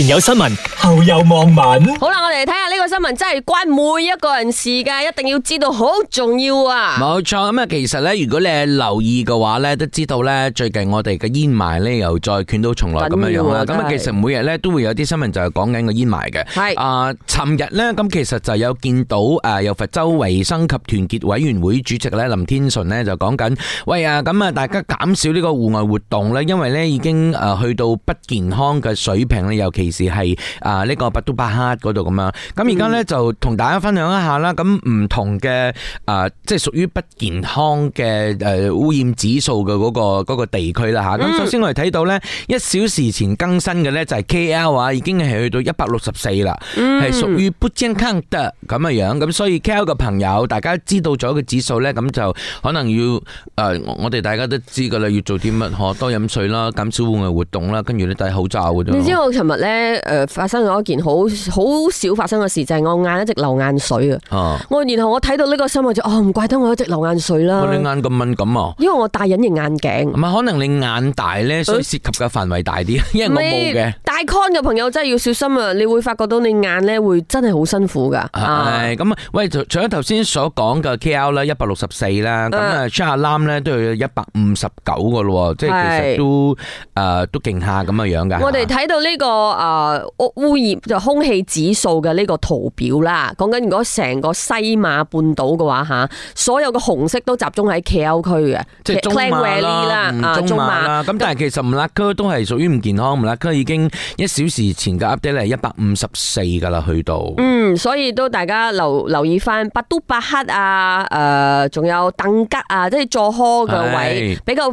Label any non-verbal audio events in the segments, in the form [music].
前有新聞，後有網民。好啦，我哋睇下呢個新聞，真係關每一個人事噶，一定要知道，好重要啊！冇錯，咁啊，其實咧，如果你係留意嘅話咧，都知道咧，最近我哋嘅煙霾咧又再捲土重來咁樣樣啦。咁啊，其實每日咧都會有啲新聞就係講緊個煙霾嘅。係啊是，尋、呃、日咧咁其實就有見到誒，由、呃、佛州衛生及團結委員會主席咧林天順咧就講緊，喂啊，咁啊，大家減少呢個戶外活動咧，因為咧已經誒去到不健康嘅水平咧，尤其。事係啊，呢個布都巴克嗰度咁樣。咁而家咧就同大家分享一下啦。咁唔同嘅，啊，即係屬於不健康嘅誒、呃、污染指數嘅嗰個、嗰個地區啦吓。咁、嗯、首先我哋睇到呢，一小時前更新嘅，咧就係 K L 啊，已經係去到一百六十四啦，係屬於不健康嘅，咁嘅樣。咁所以 K L 嘅朋友，大家知道咗個指數咧，咁就可能要誒、呃，我哋大家都知噶啦，要做啲乜嗬？多飲水啦，減少戶外活動啦，跟住咧戴口罩。你知我尋日咧？誒、呃，發生咗一件好好少發生嘅事，就係、是、我眼一直流眼水啊！我然後我睇到呢個新聞就哦，唔怪得我一直流眼水啦。你、哦、眼咁敏感啊！因為我戴隱形眼鏡。唔係，可能你眼大咧，所以涉及嘅範圍大啲。嗯、因為我冇嘅戴 con 嘅朋友真係要小心啊！你會發覺到你眼咧會真係好辛苦噶。係咁啊！喂，除咗頭先所講嘅 K L 啦，一百六十四啦，咁啊 c h e c k 下 Lam 咧都要一百五十九個咯，即係其實都誒是、呃、都勁下咁嘅樣噶。我哋睇到呢、這個。啊污、呃、污染就空氣指數嘅呢個圖表啦，講緊如果成個西馬半島嘅話吓，所有嘅紅色都集中喺 KL 區嘅，即係中馬啦，啊中馬啦。咁、呃、但係其實唔辣哥都係屬於唔健康，唔就辣哥已經一小時前嘅 update 咧係一百五十四噶啦，去到。嗯，所以都大家留留意翻，百都百克啊，誒、呃，仲有鄧吉啊，即係坐呵嘅位是比較。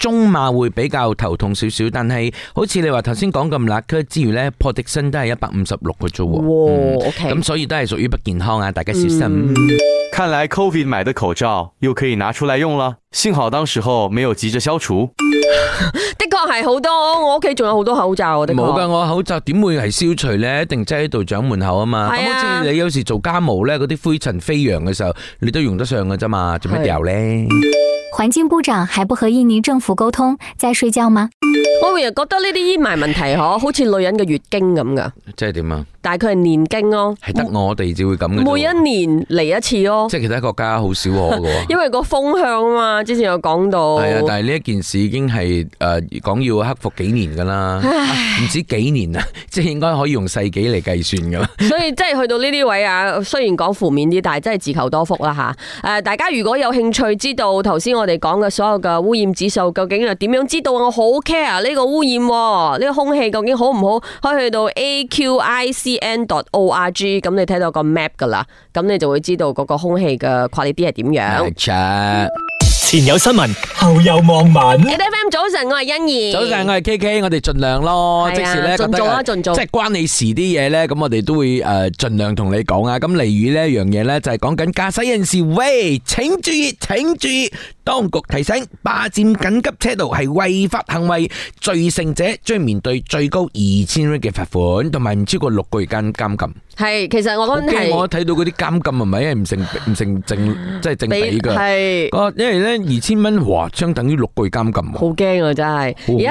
中馬會比較頭痛少少，但係好似你話頭先講咁辣區之餘呢，破迪生都係一百五十六嘅啫喎。咁、嗯、okay 所以都係屬於不健康啊，大家小心。嗯、看來 COVID 買的口罩又可以拿出來用了，幸好當時候沒有急着消除。 [laughs] 的確係好多，我屋企仲有好多口罩嘅。冇噶，我的口罩點會係消除呢？一定擠喺道長門口啊嘛。咁、啊、好似你有時做家務呢，嗰啲灰塵飛揚嘅時候，你都用得上嘅啫嘛，做咩掉呢？環境部長還不和印尼政府溝通，在睡覺嗎？我成日覺得呢啲煙霾問題嗬，好似女人嘅月經咁噶。即係點啊？但係佢係年經咯，係得我哋只會咁每一年嚟一次咯，即係其他國家好少我噶。 [laughs] 因為個風向啊嘛，之前有講到。係啊，但係呢一件事已經係誒講要克服幾年噶啦，唔唉唉 止幾年啊，即係應該可以用世紀嚟計算噶。 [laughs] 所以即係去到呢啲位啊，雖然講負面啲，但係真係自求多福啦吓。誒、啊呃，大家如果有興趣知道頭先我哋講嘅所有嘅污染指數究竟係點樣知道，我好驚。呢個污染，呢個空氣究竟好唔好？可以去到 aqicn.org，咁你睇到個 map 噶啦，咁你就會知道嗰個空氣嘅 quality 係點樣。出前有新聞，後有網民。早晨，我係欣怡。早晨，我係 K K。我哋盡量咯，即時咧覺得即係關你事啲嘢咧，咁我哋都會誒盡量同你講啊。咁例如咧一樣嘢咧，就係講緊駕駛人士喂，請注意，請注意，當局提醒霸佔緊急車道係違法行為，罪成者將面對最高二千蚊嘅罰款，同埋唔超過六個月監禁。係，其實我我睇到嗰啲監禁係咪啊？唔成唔成正即係正比噶？係，因為咧二千蚊哇，相等於六個月監禁。驚啊！真係而家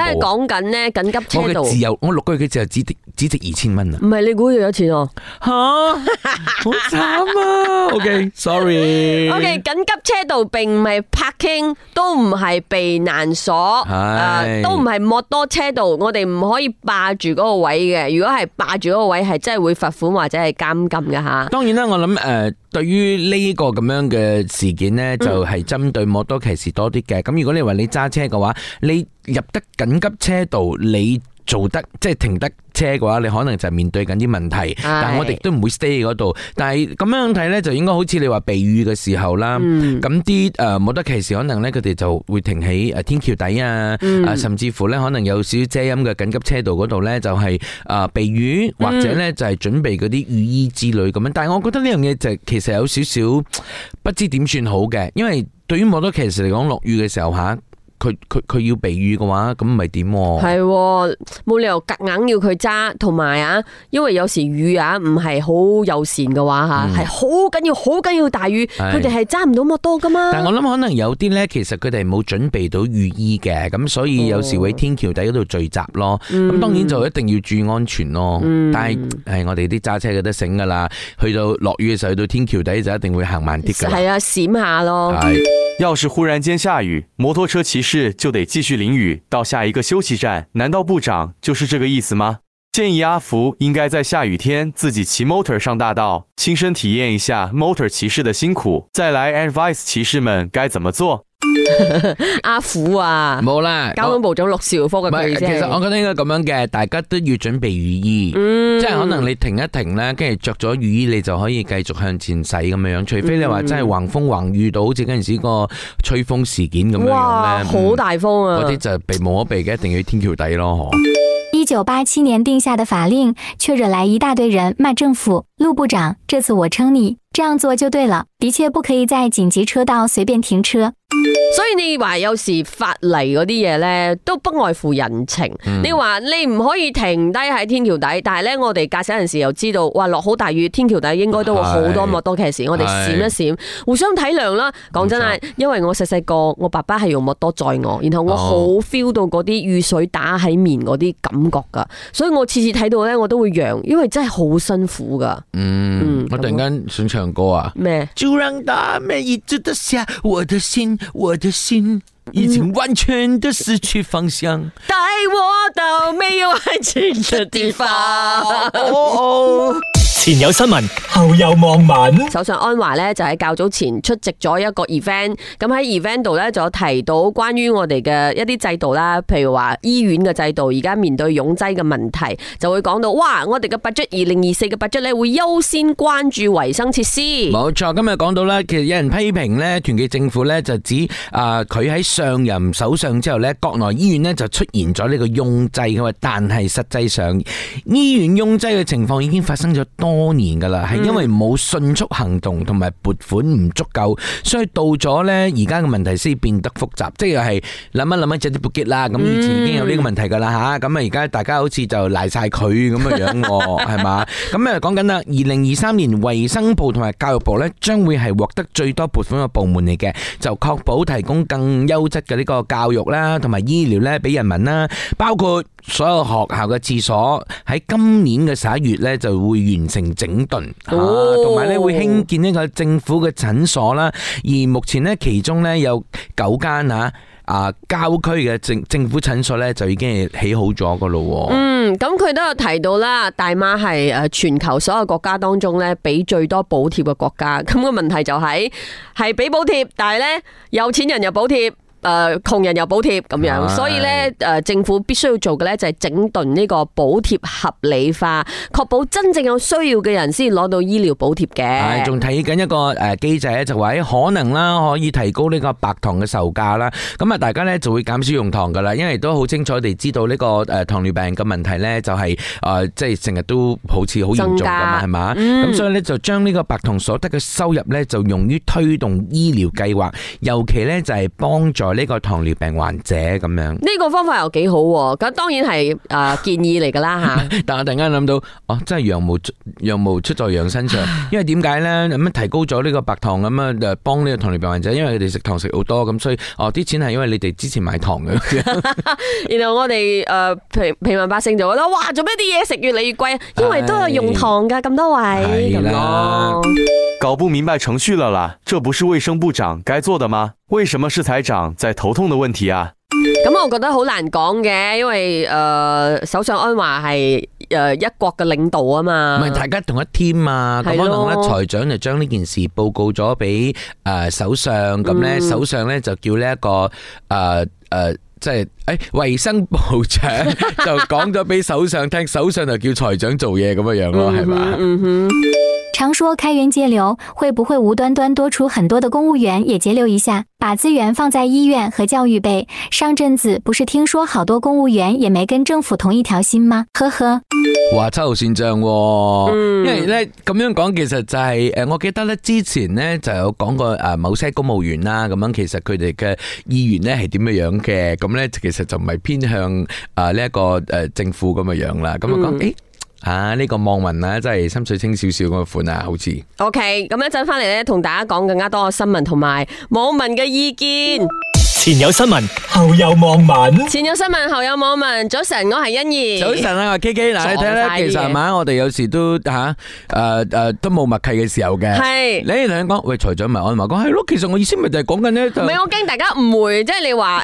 係講緊咧緊急車道，哦、我嘅自由，我六個月嘅自由只值只值二千蚊啊！唔係你估我有錢喎吓，好慘啊！OK，sorry，OK，緊急車道並唔係 parking，都唔係避難所，係是、啊、都唔係摩多車道，我哋唔可以霸住嗰個位嘅。如果係霸住嗰個位，係真係會罰款或者係監禁嘅吓。啊、當然啦，我諗誒、呃，對於呢個咁樣嘅事件呢，就係、是、針對摩多騎士多啲嘅。咁、嗯、如果你話你揸車嘅話，你入得緊急車道，你做得即係停得車嘅話，你可能就係面對緊啲問題。但係我哋都唔會 stay 喺嗰度。但係咁樣睇咧，就應該好似你話避雨嘅時候啦。咁啲誒摩多騎士可能咧，佢哋就會停喺誒天橋底啊，誒甚至乎咧可能有少少遮陰嘅緊急車道嗰度咧，就係誒避雨或者咧就係準備嗰啲雨衣之類咁樣。但係我覺得呢樣嘢就其實有少少不知點算好嘅，因為對於摩多騎士嚟講，落雨嘅時候嚇。佢佢佢要避雨嘅話，咁咪點？係冇、哦、理由夾硬，硬要佢揸，同埋啊，因為有時雨啊唔係好友善嘅話吓，係好緊要好緊要大雨，佢哋係揸唔到咁多噶嘛。但係我諗可能有啲咧，其實佢哋冇準備到雨衣嘅，咁所以有時會喺天橋底嗰度聚集咯。咁、嗯、當然就一定要注意安全咯。嗯、但係誒，我哋啲揸車嘅都醒噶啦，去到落雨嘅時候，去到天橋底就一定會行慢啲嘅。係啊，閃下咯。要是忽然間下雨，摩托車騎士就得繼續淋雨到下一個休息站。難道部長就是這個意思嗎？建議阿福應該在下雨天自己騎 motor 上大道，親身體驗一下 motor 騎士嘅辛苦，再來 advise 騎士們該怎麼做。 [laughs] 阿福啊，冇啦，交通部長陸少科嘅，唔係，其實我覺得應該咁樣嘅，大家都要準備雨衣，嗯、即係可能你停一停咧，跟住着咗雨衣，你就可以繼續向前駛咁樣樣，除非你話真係橫風橫雨到，好似嗰陣時個吹風事件咁樣樣咧，好哇、嗯、大風啊，嗰啲就避無可避嘅，一定要天橋底咯，嗬。一九八七年定下的法令，卻惹來一大堆人罵政府。陸部長，這次我撐你這樣做就對了，的確不可以在緊急車道隨便停車。所以你話有時發嚟嗰啲嘢咧，都不外乎人情。你話你唔可以停低喺天橋底，嗯、但係咧我哋駕駛人士又知道，哇，落好大雨，天橋底應該都會好多莫多騎士，唉我哋閃一閃，唉互相體諒啦。講真啦，因為我細細個，我爸爸係用莫多載我，然後我好 feel 到嗰啲雨水打喺面嗰啲感覺噶，所以我次次睇到咧，我都會讓，因為真係好辛苦噶。嗯，嗯，我突然間想唱歌啊。咩？就讓大美一直的下我的心，我的心。我的心已經完全的失去方向，帶、嗯、我到沒有愛情的地方。 [laughs] 哦哦前有新聞，後有網民。首相安華咧就喺較早前出席咗一個 event，咁喺 event 度呢，就有提到關於我哋嘅一啲制度啦，譬如話醫院嘅制度，而家面對擁擠嘅問題，就會講到哇，我哋嘅 budget 二零二四嘅 budget 咧會優先關注衛生設施。冇錯，今日講到咧，其實有人批評呢，團結政府呢，就指啊，佢、呃、喺上任首相之後呢，國內醫院呢就出現咗呢個擁擠，佢但係實際上醫院擁擠嘅情況已經發生咗多多年噶啦，係因為冇迅速行動同埋撥款唔足夠，所以到咗呢而家嘅問題先變得複雜，即係諗一諗一隻啲搏擊啦。咁以前已經有呢個問題噶啦吓，咁啊而家大家好似就賴晒佢咁嘅樣，係嘛？咁啊講緊啦，二零二三年衛生部同埋教育部呢，將會係獲得最多撥款嘅部門嚟嘅，就確保提供更優質嘅呢個教育啦，同埋醫療呢，俾人民啦，包括所有學校嘅廁所喺今年嘅十一月呢，就會完成。整頓嚇，同埋咧會興建一個政府嘅診所啦。而目前呢，其中呢有九間嚇啊郊區嘅政政府診所呢，就已經係起好咗噶咯。嗯，咁佢都有提到啦，大馬係誒全球所有國家當中呢，俾最多補貼嘅國家。咁個問題就係係俾補貼，但係呢，有錢人又補貼。誒，窮人有補貼咁樣，所以咧誒，政府必須要做嘅咧就係整頓呢個補貼合理化，確保真正有需要嘅人先攞到醫療補貼嘅。係仲睇緊一個誒機制就話可能啦，可以提高呢個白糖嘅售價啦。咁啊，大家咧就會減少用糖噶啦，因為都好清楚地知道呢個誒糖尿病嘅問題咧，就是，就係誒即係成日都好似好嚴重噶嘛，係嘛？咁所以咧就將呢個白糖所得嘅收入咧，就用於推動醫療計劃，尤其咧就係幫助。呢個糖尿病患者咁樣，呢個方法又幾好，啊，咁當然係誒、呃、建議嚟噶啦吓。 [laughs] 但係我突然間諗到，哦，真係羊毛羊毛出在羊身上，因為點解咧咁樣提高咗呢個白糖咁樣誒幫呢個糖尿病患者，因為佢哋食糖食好多，咁所以哦啲錢係因為你哋之前買糖嘅。 [laughs] [laughs] 然後我哋誒平平民百姓就覺得，哇，做咩啲嘢食越嚟越貴？因為都有用糖噶咁多位。的樣啊、搞不明白程序啦啦，這不是衛生部長該做的嗎？為什麼是財長在頭痛的問題啊？咁我覺得好難講嘅，因為誒、呃，首相安華係誒一國嘅領導啊嘛。唔係大家同一 team 啊，咯可能咧財長就將呢件事報告咗俾誒首相，咁咧、嗯、首相咧就叫呢、這、一個誒誒，即係誒衛生部長就講咗俾首相聽， [laughs] 首相就叫財長做嘢咁樣樣咯，係嘛？嗯哼嗯哼常說開源節流，會不會無端端多出很多的公務員？也節流一下，把資源放在醫院和教育背。上陣子不是聽說好多公務員也沒跟政府同一條心嗎？呵呵，話七號算賬、哦，嗯、因為咧咁樣講，其實就係、是、誒，我記得咧之前咧就有講過誒，某些公務員啦咁樣，其實佢哋嘅意願咧係點樣樣嘅，咁咧其實就唔係偏向誒呢一個誒政府咁嘅樣啦。咁樣講、嗯、誒。啊！呢個網民啊，真係心水清少少個款啊，好似。OK，咁一陣翻嚟咧，同大家講更加多嘅新聞同埋網民嘅意見。前有新聞，後有網民。前有新聞，後有網民。早晨，我係欣怡。早晨啊，K K，嗱你睇咧，其實係咪我哋有時都吓誒誒都冇默契嘅時候嘅？係你兩個講，喂，財長咪我話講係咯，其實我意思咪就係講緊咧，唔係我驚大家誤會，即係你話誒誒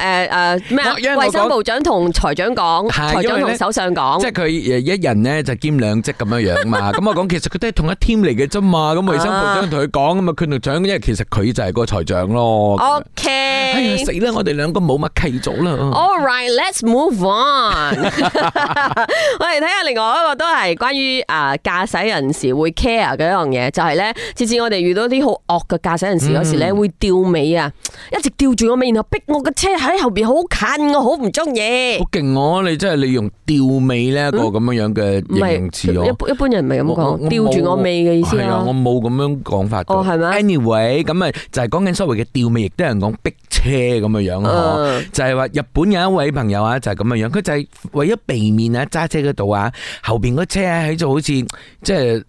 咩啊？衛生部長同財長講，財長同首相講，即係佢一人咧就兼兩職咁樣樣嘛。咁我講，其實佢都係同一 team 嚟嘅啫嘛。咁衛生部長同佢講咁啊，拳頭長，因為其實佢就係個財長咯。O K。哎呀死啦！我哋兩個冇乜歧早啦。All right，let's move on。 [laughs] 我哋睇下另外一個都係關於啊駕駛人士會 care 嘅一樣嘢，就係咧次次我哋遇到啲好惡嘅駕駛人士嗰、嗯、時咧，會吊尾啊，一直吊住我尾，然後逼我嘅車喺後邊好近，我好唔中意。好勁喎，你真係利用吊尾呢一個咁樣樣嘅形容詞，我一般一般人唔係咁講，吊住我尾嘅意思。係啊，我冇咁樣講法。係咩？哦？Anyway，咁啊就係講緊所謂嘅吊尾，亦都有人講逼車咁嘅樣就係、是、話日本有一位朋友啊，就係咁嘅樣，佢就係為咗避免啊揸車嗰度啊後邊嗰車喺喺度好似即係。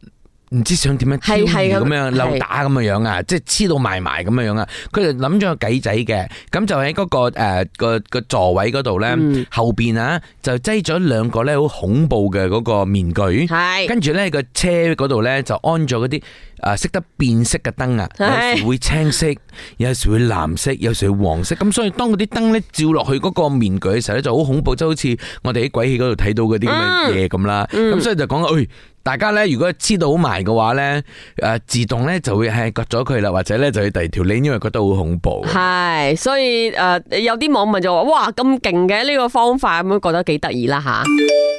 唔知想點樣超魚咁樣扭打咁嘅樣啊，即係黐到埋埋咁嘅樣啊。佢就諗咗個計仔嘅，咁就喺嗰個誒個個座位嗰度咧後邊啊，就擠咗兩個咧好恐怖嘅嗰個面具。係，跟住咧個車嗰度咧就安咗嗰啲啊識得變色嘅燈啊，有時會青色，有時會藍色，有時會黃色。咁是 所以當嗰啲燈咧照落去嗰個面具嘅時候咧就好恐怖，即係好似我哋喺鬼戲嗰度睇到嗰啲咁嘅嘢咁啦。咁、嗯嗯嗯、所以就講誒。哎大家咧，如果知道埋嘅話咧，誒、呃，自動咧就會係割咗佢啦，或者咧就去第二條。你因為覺得好恐怖，係，所以誒、呃，有啲網民就話：哇，咁勁嘅呢個方法，咁樣覺得幾得意啦吓。啊、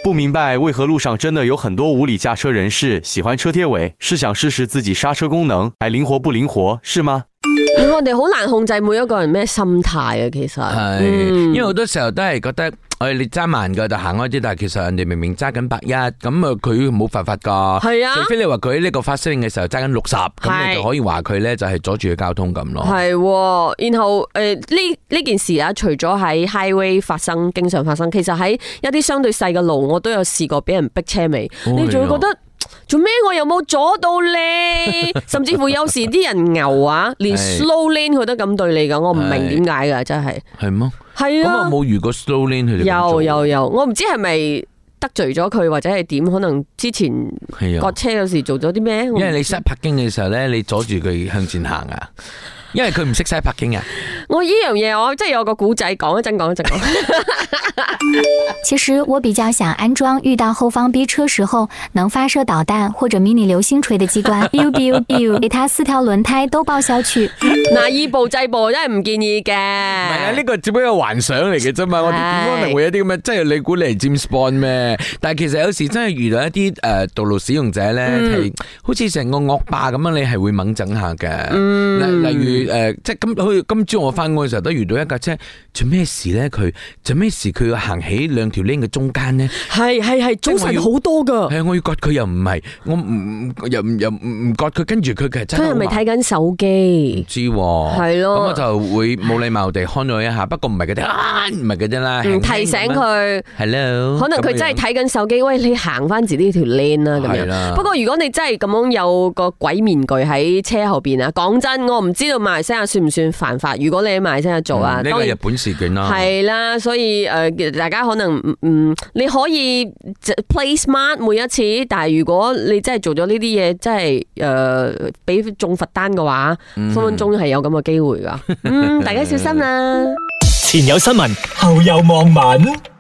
不明白為何路上真的有很多無理駕車人士喜歡車貼尾，是想試試自己剎車功能，還靈活不靈活，是嗎？ [laughs] 我哋好難控制每一個人咩心態啊，其實，是嗯，因為好多時候都係覺得。你揸慢嘅就行開啲，但係其實人哋明明揸緊百一，咁啊佢冇罰法噶，除非你話佢呢個發生嘅時候揸緊六十，咁你就可以話佢咧就係阻住嘅交通咁咯。係，然後誒呢呢件事啊，除咗喺 highway 發生，經常發生，其實喺一啲相對細嘅路，我都有試過俾人逼車尾，你仲會覺得。做咩我又冇阻到你？ [laughs] 甚至乎有時啲人牛啊，連 slow lane 佢都咁對你噶，我唔明點解噶，真係係咪？係嗎啊，咁我冇遇過 slow lane 佢哋有有有，我唔知係咪得罪咗佢或者係點？可能之前過車有時做咗啲咩？因為你塞泊經嘅時候咧，你阻住佢向前行啊！因為佢唔識塞泊經啊！我呢樣嘢，我真係有個古仔講一陣，講一陣講。講陣 [laughs] 其實我比較想安裝遇到後方逼車時候能發射導彈或者 mini 流星錘嘅機關。俾 [laughs] 佢四條輪胎都報銷去。嗱， [laughs] 依部制部真係唔建議嘅。唔係 [laughs] 啊，呢、這個只不過幻想嚟嘅啫嘛。 [laughs] 我哋可能會有啲咁，即係你估你係 James Bond 咩？但係其實有時真係遇到一啲誒、呃、道路使用者咧，係、嗯、好似成個惡霸咁樣，你係會猛整下嘅。例、嗯、例如誒、呃，即係今去今朝我。翻去嘅時候都遇到一架車。做咩事咧？佢做咩事？佢要行喺兩條 link 嘅中間咧？係係係，早晨好多噶。係我要割佢又唔係，我唔又又唔割佢。跟住佢其實佢係咪睇緊手機？唔知係咯。咁我就會冇禮貌地看咗一下。不過唔係佢哋，唔係佢哋啦。提醒佢，係咯。可能佢真係睇緊手機。喂，你行翻自己條 link 啦。咁樣。不過如果你真係咁樣有個鬼面具喺車後邊啊，講真，我唔知道馬來西亞算唔算犯法。如果你喺馬來西亞做啊，呢個日本。係啦，所以、呃、大家可能唔、嗯，你可以 play smart 每一次，但係如果你真係做咗呢啲嘢，真係誒，俾、呃、中罰單嘅話，分分鐘係有咁嘅機會噶。嗯，大家小心啦。 [laughs] 前有新聞，後有網民。